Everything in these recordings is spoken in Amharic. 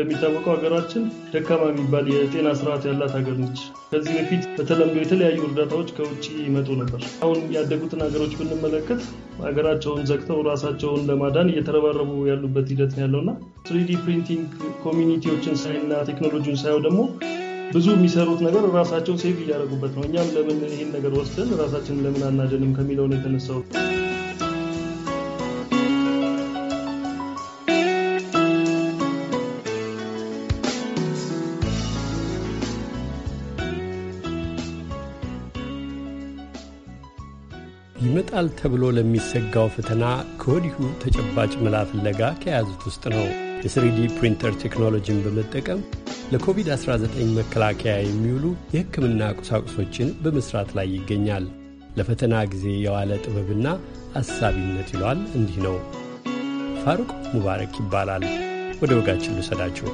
እንደሚታወቀው ሀገራችን ደካማ የሚባል የጤና ስርዓት ያላት ሀገር ነች። ከዚህ በፊት በተለምዶ የተለያዩ እርዳታዎች ከውጭ ይመጡ ነበር። አሁን ያደጉትን ሀገሮች ብንመለከት ሀገራቸውን ዘግተው ራሳቸውን ለማዳን እየተረባረቡ ያሉበት ሂደት ነው ያለውና ትሪዲ ፕሪንቲንግ ኮሚኒቲዎችን ሳይና ቴክኖሎጂን ሳየው ደግሞ ብዙ የሚሰሩት ነገር ራሳቸው ሴቭ እያደረጉበት ነው። እኛም ለምን ይህን ነገር ወስደን ራሳችንን ለምን አናጀንም ከሚለው የተነሳው። ይመጣል ተብሎ ለሚሰጋው ፈተና ከወዲሁ ተጨባጭ መላ ፍለጋ ከያዙት ውስጥ ነው የስሪዲ ፕሪንተር ቴክኖሎጂን በመጠቀም ለኮቪድ-19 መከላከያ የሚውሉ የሕክምና ቁሳቁሶችን በመስራት ላይ ይገኛል። ለፈተና ጊዜ የዋለ ጥበብና አሳቢነት ይሏል። እንዲህ ነው። ፋሩቅ ሙባረክ ይባላል። ወደ ወጋችን ልውሰዳችሁ።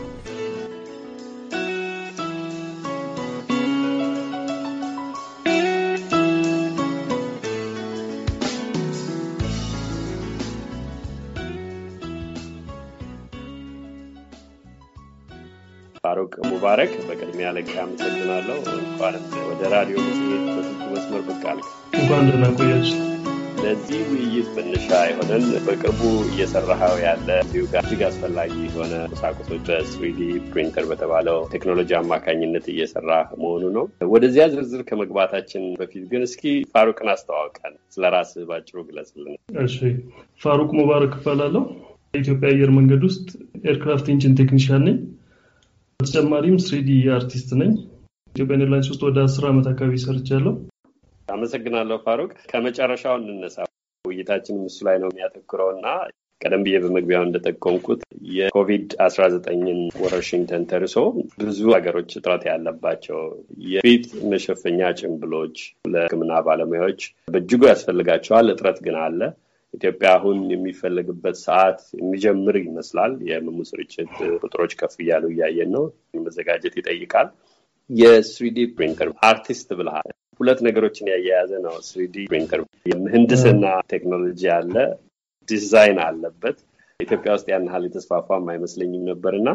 ፋሩቅ ሙባረክ በቅድሚያ ለቅ አመሰግናለሁ። እንኳን ወደ ራዲዮ መጽሔት በስልክ መስመር ብቅ አልክ። እንኳን ደህና ቆያችሁ። ለዚህ ውይይት መነሻ የሆነን በቅርቡ እየሰራኸው ያለ ጋር እጅግ አስፈላጊ የሆነ ቁሳቁሶች በስሪዲ ፕሪንተር በተባለው ቴክኖሎጂ አማካኝነት እየሰራ መሆኑ ነው። ወደዚያ ዝርዝር ከመግባታችን በፊት ግን እስኪ ፋሩቅን አስተዋውቀን፣ ስለ ራስህ ባጭሩ ግለጽልን። እሺ፣ ፋሩቅ ሙባረክ እባላለሁ። የኢትዮጵያ አየር መንገድ ውስጥ ኤርክራፍት ኢንጂን ቴክኒሽያን ነኝ። በተጨማሪም ስሪዲ አርቲስት ነኝ። ኢትዮጵያ ኤርላይንስ ውስጥ ወደ አስር ዓመት አካባቢ ሰርቻለሁ። አመሰግናለሁ ፋሩቅ። ከመጨረሻው እንነሳ። ውይይታችን ምስሉ ላይ ነው የሚያተኩረው እና ቀደም ብዬ በመግቢያው እንደጠቀምኩት የኮቪድ አስራ ዘጠኝን ወረርሽኝ ተንተርሶ ብዙ ሀገሮች እጥረት ያለባቸው የፊት መሸፈኛ ጭንብሎች ለሕክምና ባለሙያዎች በእጅጉ ያስፈልጋቸዋል። እጥረት ግን አለ። ኢትዮጵያ አሁን የሚፈለግበት ሰዓት የሚጀምር ይመስላል። የህመሙ ስርጭት ቁጥሮች ከፍ እያሉ እያየን ነው። መዘጋጀት ይጠይቃል። የስሪዲ ፕሪንተር አርቲስት ብልሃል ሁለት ነገሮችን ያያያዘ ነው። ስሪዲ ፕሪንተር የምህንድስና ቴክኖሎጂ አለ፣ ዲዛይን አለበት። ኢትዮጵያ ውስጥ ያን ያህል የተስፋፋም አይመስለኝም ነበር እና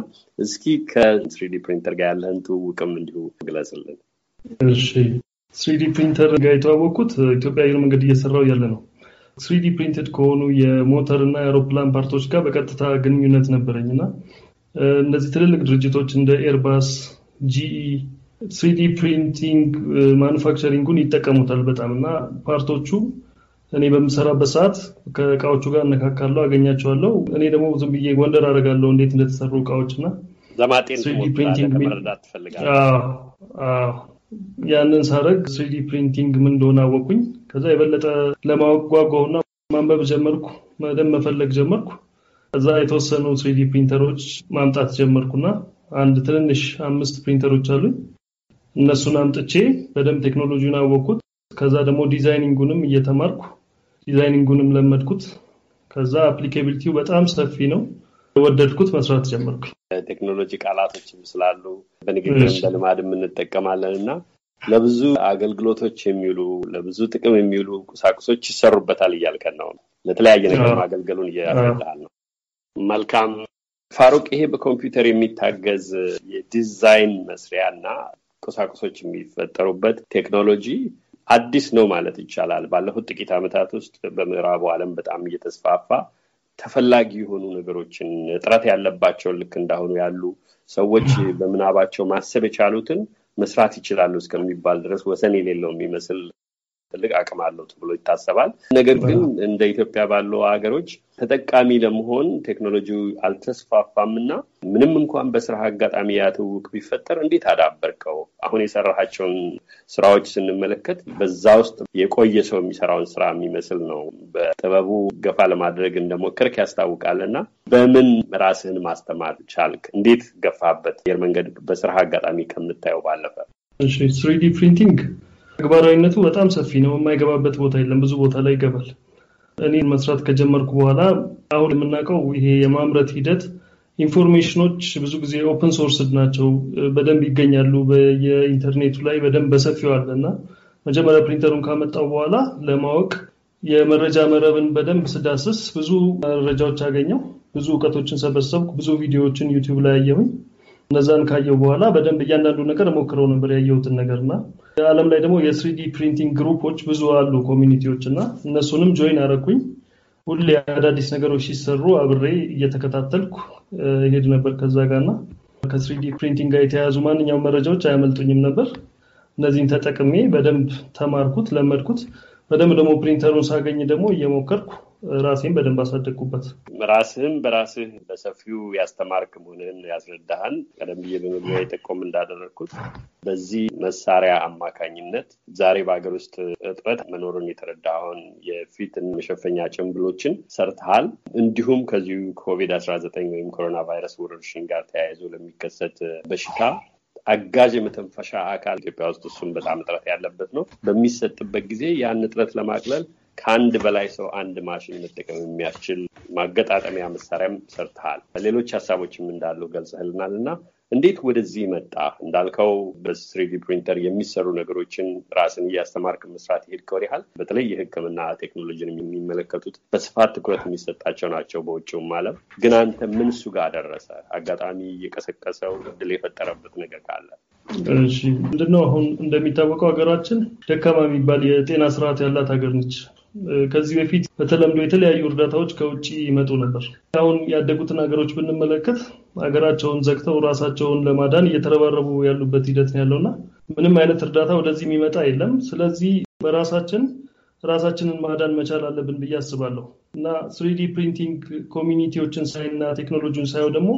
እስኪ ከስሪዲ ፕሪንተር ጋር ያለህን ትውውቅም እንዲሁ ግለጽልን። እሺ፣ ስሪዲ ፕሪንተር ጋር የተዋወቅኩት ኢትዮጵያ አየር መንገድ እየሰራው ያለ ነው ስሪዲ ፕሪንትድ ከሆኑ የሞተር እና የአውሮፕላን ፓርቶች ጋር በቀጥታ ግንኙነት ነበረኝ እና እነዚህ ትልልቅ ድርጅቶች እንደ ኤርባስ፣ ጂኢ ስሪዲ ፕሪንቲንግ ማኑፋክቸሪንጉን ይጠቀሙታል በጣም እና ፓርቶቹ እኔ በምሰራበት ሰዓት ከእቃዎቹ ጋር እነካካለሁ፣ አገኛቸዋለሁ። እኔ ደግሞ ዝም ብዬ ጎንደር አደርጋለሁ እንዴት እንደተሰሩ እቃዎች እና ያንን ሳረግ ስሪዲ ፕሪንቲንግ ምን እንደሆነ አወቁኝ። ከዛ የበለጠ ለማጓጓውና ማንበብ ጀመርኩ። መደም መፈለግ ጀመርኩ። ከዛ የተወሰኑ ስሪዲ ፕሪንተሮች ማምጣት ጀመርኩና አንድ ትንንሽ አምስት ፕሪንተሮች አሉኝ። እነሱን አምጥቼ በደንብ ቴክኖሎጂውን አወቅኩት። ከዛ ደግሞ ዲዛይኒንጉንም እየተማርኩ ዲዛይኒንጉንም ለመድኩት። ከዛ አፕሊኬቢሊቲው በጣም ሰፊ ነው። የወደድኩት መስራት ጀመርኩ። ቴክኖሎጂ ቃላቶችም ስላሉ በንግግር በልማድ የምንጠቀማለን እና ለብዙ አገልግሎቶች የሚውሉ ለብዙ ጥቅም የሚውሉ ቁሳቁሶች ይሰሩበታል እያልከን ነው። ለተለያየ ነገር ማገልገሉን እያልሃል ነው። መልካም ፋሩቅ፣ ይሄ በኮምፒውተር የሚታገዝ የዲዛይን መስሪያ እና ቁሳቁሶች የሚፈጠሩበት ቴክኖሎጂ አዲስ ነው ማለት ይቻላል። ባለፉት ጥቂት ዓመታት ውስጥ በምዕራቡ ዓለም በጣም እየተስፋፋ ተፈላጊ የሆኑ ነገሮችን እጥረት ያለባቸውን ልክ እንዳሁኑ ያሉ ሰዎች በምናባቸው ማሰብ የቻሉትን መስራት ይችላሉ እስከሚባል ድረስ ወሰን የሌለው የሚመስል ትልቅ አቅም አለው ተብሎ ይታሰባል። ነገር ግን እንደ ኢትዮጵያ ባሉ ሀገሮች ተጠቃሚ ለመሆን ቴክኖሎጂው አልተስፋፋም እና ምንም እንኳን በስራ አጋጣሚ ያትውቅ ቢፈጠር እንዴት አዳበርከው? አሁን የሰራሃቸውን ስራዎች ስንመለከት በዛ ውስጥ የቆየ ሰው የሚሰራውን ስራ የሚመስል ነው። በጥበቡ ገፋ ለማድረግ እንደሞከርክ ያስታውቃል እና በምን ራስህን ማስተማር ቻልክ? እንዴት ገፋበት? አየር መንገድ በስራ አጋጣሚ ከምታየው ባለፈ ትሪዲ ፕሪንቲንግ ተግባራዊነቱ በጣም ሰፊ ነው። የማይገባበት ቦታ የለም። ብዙ ቦታ ላይ ይገባል። እኔ መስራት ከጀመርኩ በኋላ አሁን የምናውቀው ይሄ የማምረት ሂደት ኢንፎርሜሽኖች ብዙ ጊዜ ኦፕን ሶርስ ናቸው። በደንብ ይገኛሉ። የኢንተርኔቱ ላይ በደንብ በሰፊው አለ እና መጀመሪያ ፕሪንተሩን ካመጣው በኋላ ለማወቅ የመረጃ መረብን በደንብ ስዳስስ ብዙ መረጃዎች አገኘው፣ ብዙ እውቀቶችን ሰበሰብኩ፣ ብዙ ቪዲዮዎችን ዩቲዩብ ላይ አየሁኝ። እነዛን ካየው በኋላ በደንብ እያንዳንዱ ነገር ሞክረው ነበር ያየሁትን ነገር እና ዓለም ላይ ደግሞ የስሪዲ ፕሪንቲንግ ግሩፖች ብዙ አሉ ኮሚኒቲዎች እና እነሱንም ጆይን አረኩኝ። ሁሌ አዳዲስ ነገሮች ሲሰሩ አብሬ እየተከታተልኩ ሄድ ነበር ከዛ ጋር እና ከስሪዲ ፕሪንቲንግ ጋር የተያያዙ ማንኛውም መረጃዎች አያመልጡኝም ነበር። እነዚህን ተጠቅሜ በደንብ ተማርኩት፣ ለመድኩት። በደንብ ደግሞ ፕሪንተሩን ሳገኝ ደግሞ እየሞከርኩ ራሴን በደንብ አሳደግኩበት። ራስህም በራስህ በሰፊው ያስተማርክ መሆንህን ያስረዳህን ቀደም ብዬ በመግቢያ የጠቆም እንዳደረግኩት በዚህ መሳሪያ አማካኝነት ዛሬ በሀገር ውስጥ እጥረት መኖሩን የተረዳኸውን የፊትን መሸፈኛ ጭንብሎችን ሰርተሃል። እንዲሁም ከዚሁ ኮቪድ 19 ወይም ኮሮና ቫይረስ ወረርሽኝ ጋር ተያይዞ ለሚከሰት በሽታ አጋዥ የመተንፈሻ አካል ኢትዮጵያ ውስጥ እሱም በጣም እጥረት ያለበት ነው። በሚሰጥበት ጊዜ ያን እጥረት ለማቅለል ከአንድ በላይ ሰው አንድ ማሽን መጠቀም የሚያስችል ማገጣጠሚያ መሳሪያም ሰርተሃል። ሌሎች ሀሳቦችም እንዳሉ ገልጸህልናል እና እንዴት ወደዚህ መጣ? እንዳልከው በስሪዲ ፕሪንተር የሚሰሩ ነገሮችን ራስን እያስተማርክ መስራት ይሄድ ከወር ያህል በተለይ የሕክምና ቴክኖሎጂን የሚመለከቱት በስፋት ትኩረት የሚሰጣቸው ናቸው በውጭውም ዓለም። ግን አንተ ምን እሱ ጋር ደረሰ? አጋጣሚ የቀሰቀሰው እድል የፈጠረበት ነገር ካለ እሺ። ምንድነው አሁን እንደሚታወቀው ሀገራችን ደካማ የሚባል የጤና ስርዓት ያላት ሀገር ነች። ከዚህ በፊት በተለምዶ የተለያዩ እርዳታዎች ከውጭ ይመጡ ነበር። አሁን ያደጉትን ሀገሮች ብንመለከት ሀገራቸውን ዘግተው ራሳቸውን ለማዳን እየተረባረቡ ያሉበት ሂደት ነው ያለውና ምንም አይነት እርዳታ ወደዚህ የሚመጣ የለም። ስለዚህ በራሳችን ራሳችንን ማዳን መቻል አለብን ብዬ አስባለሁ እና ስሪዲ ፕሪንቲንግ ኮሚኒቲዎችን ሳይና ቴክኖሎጂውን ሳየው ደግሞ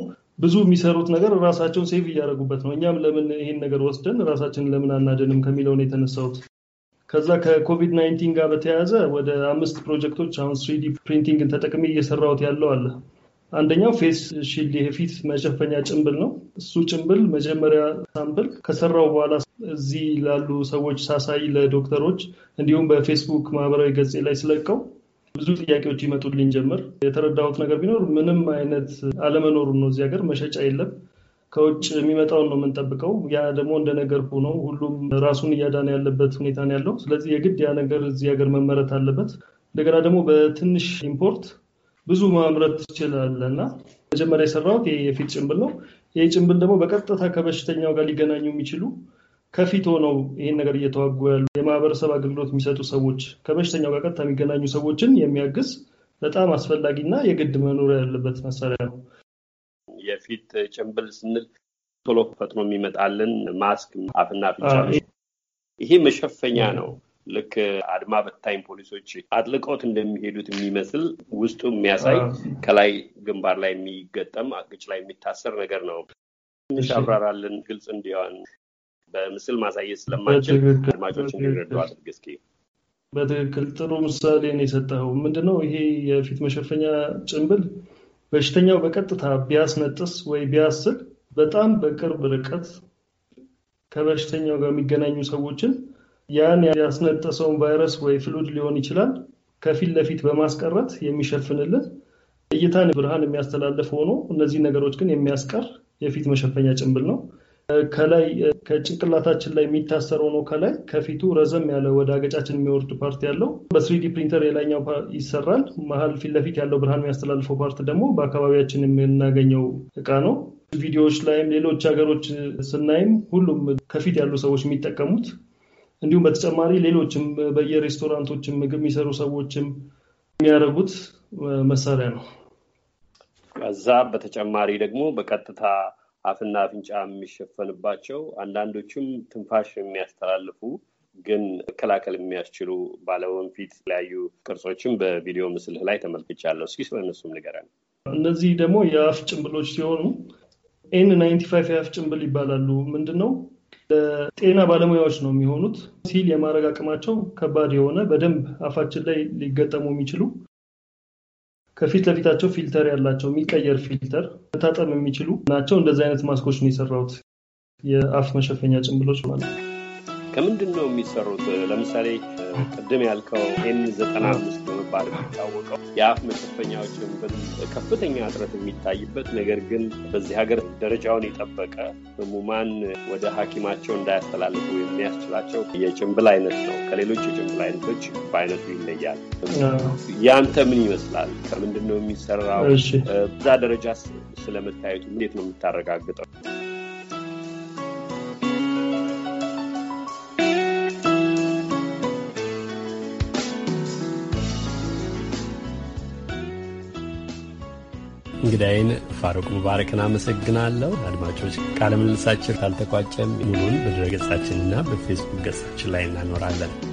ብዙ የሚሰሩት ነገር ራሳቸውን ሴቭ እያደረጉበት ነው። እኛም ለምን ይህን ነገር ወስደን ራሳችንን ለምን አናድንም ከሚለውን የተነሳውት የተነሳሁት። ከዛ ከኮቪድ ናይንቲን ጋር በተያያዘ ወደ አምስት ፕሮጀክቶች አሁን ስሪዲ ፕሪንቲንግን ተጠቅሜ እየሰራሁት ያለው አለ። አንደኛው ፌስ ሺልድ የፊት መሸፈኛ ጭንብል ነው። እሱ ጭንብል መጀመሪያ ሳምፕል ከሰራው በኋላ እዚህ ላሉ ሰዎች ሳሳይ ለዶክተሮች፣ እንዲሁም በፌስቡክ ማህበራዊ ገጽ ላይ ስለቀው ብዙ ጥያቄዎች ይመጡልኝ ጀምር የተረዳሁት ነገር ቢኖር ምንም አይነት አለመኖሩን ነው። እዚህ ሀገር መሸጫ የለም። ከውጭ የሚመጣውን ነው የምንጠብቀው። ያ ደግሞ እንደ ነገር ሆኖ ሁሉም ራሱን እያዳነ ያለበት ሁኔታ ነው ያለው። ስለዚህ የግድ ያ ነገር እዚህ ሀገር መመረት አለበት። እንደገና ደግሞ በትንሽ ኢምፖርት ብዙ ማምረት ትችላለህ እና መጀመሪያ የሰራሁት የፊት ጭንብል ነው። ይህ ጭንብል ደግሞ በቀጥታ ከበሽተኛው ጋር ሊገናኙ የሚችሉ ከፊት ሆነው ይህን ነገር እየተዋጉ ያሉ የማህበረሰብ አገልግሎት የሚሰጡ ሰዎች ከበሽተኛው ጋር ቀጥታ የሚገናኙ ሰዎችን የሚያግዝ በጣም አስፈላጊና የግድ መኖሪያ ያለበት መሳሪያ ነው። የፊት ጭንብል ስንል ቶሎ ፈጥኖ የሚመጣልን ማስክ አፍና ፊጫ ይሄ መሸፈኛ ነው። ልክ አድማ በታኝ ፖሊሶች አጥልቀውት እንደሚሄዱት የሚመስል ውስጡ የሚያሳይ ከላይ ግንባር ላይ የሚገጠም ግጭ ላይ የሚታሰር ነገር ነው። ትንሽ አብራራልን፣ ግልጽ እንዲሆን በምስል ማሳየት ስለማንችል አድማጮች እንዲረዱ አድርግ እስኪ። በትክክል ጥሩ ምሳሌ ነው የሰጠኸው። ምንድነው ይሄ የፊት መሸፈኛ ጭንብል በሽተኛው በቀጥታ ቢያስነጥስ ወይ ቢያስል በጣም በቅርብ ርቀት ከበሽተኛው ጋር የሚገናኙ ሰዎችን ያን ያስነጠሰውን ቫይረስ ወይ ፍሉድ ሊሆን ይችላል ከፊት ለፊት በማስቀረት የሚሸፍንልን እይታን ብርሃን የሚያስተላልፍ ሆኖ እነዚህ ነገሮች ግን የሚያስቀር የፊት መሸፈኛ ጭንብል ነው። ከላይ ከጭንቅላታችን ላይ የሚታሰረው ነው። ከላይ ከፊቱ ረዘም ያለ ወደ አገጫችን የሚወርድ ፓርት ያለው በስሪዲ ፕሪንተር የላይኛው ይሰራል። መሀል ፊት ለፊት ያለው ብርሃን የሚያስተላልፈው ፓርት ደግሞ በአካባቢያችን የምናገኘው እቃ ነው። ቪዲዮዎች ላይም ሌሎች ሀገሮች ስናይም ሁሉም ከፊት ያሉ ሰዎች የሚጠቀሙት እንዲሁም በተጨማሪ ሌሎችም በየሬስቶራንቶችም ምግብ የሚሰሩ ሰዎችም የሚያደርጉት መሳሪያ ነው። ከዛ በተጨማሪ ደግሞ በቀጥታ አፍና አፍንጫ የሚሸፈንባቸው አንዳንዶቹም ትንፋሽ የሚያስተላልፉ ግን መከላከል የሚያስችሉ ባለወንፊት የተለያዩ ቅርጾችም በቪዲዮ ምስልህ ላይ ተመልክቻለሁ። እስኪ ስለ እነሱም ንገረን። እነዚህ ደግሞ የአፍ ጭንብሎች ሲሆኑ ኤን ናይንቲ ፋይቭ የአፍ ጭንብል ይባላሉ። ምንድን ነው ለጤና ባለሙያዎች ነው የሚሆኑት። ሲል የማድረግ አቅማቸው ከባድ የሆነ በደንብ አፋችን ላይ ሊገጠሙ የሚችሉ ከፊት ለፊታቸው ፊልተር ያላቸው የሚቀየር ፊልተር መታጠብ የሚችሉ ናቸው። እንደዚህ አይነት ማስኮች ነው የሰራሁት፣ የአፍ መሸፈኛ ጭንብሎች ማለት ነው። ከምንድን ነው የሚሰሩት? ለምሳሌ ቅድም ያልከው ኤን ዘጠና አምስት በመባል የሚታወቀው የአፍ መሸፈኛዎችን ከፍተኛ እጥረት የሚታይበት ነገር ግን በዚህ ሀገር ደረጃውን የጠበቀ ህሙማን ወደ ሐኪማቸው እንዳያስተላልፉ የሚያስችላቸው የጭንብል አይነት ነው። ከሌሎች የጭንብል አይነቶች በአይነቱ ይለያል። ያንተ ምን ይመስላል? ከምንድን ነው የሚሰራው? በዛ ደረጃ ስለመታየቱ እንዴት ነው የምታረጋግጠው? እንግዳይን ፋሩቅ ሙባረክን አመሰግናለሁ። አድማጮች ቃለ ምልልሳችን ካልተቋጨም ሙሉን በድረገጻችንና በፌስቡክ ገጻችን ላይ እናኖራለን።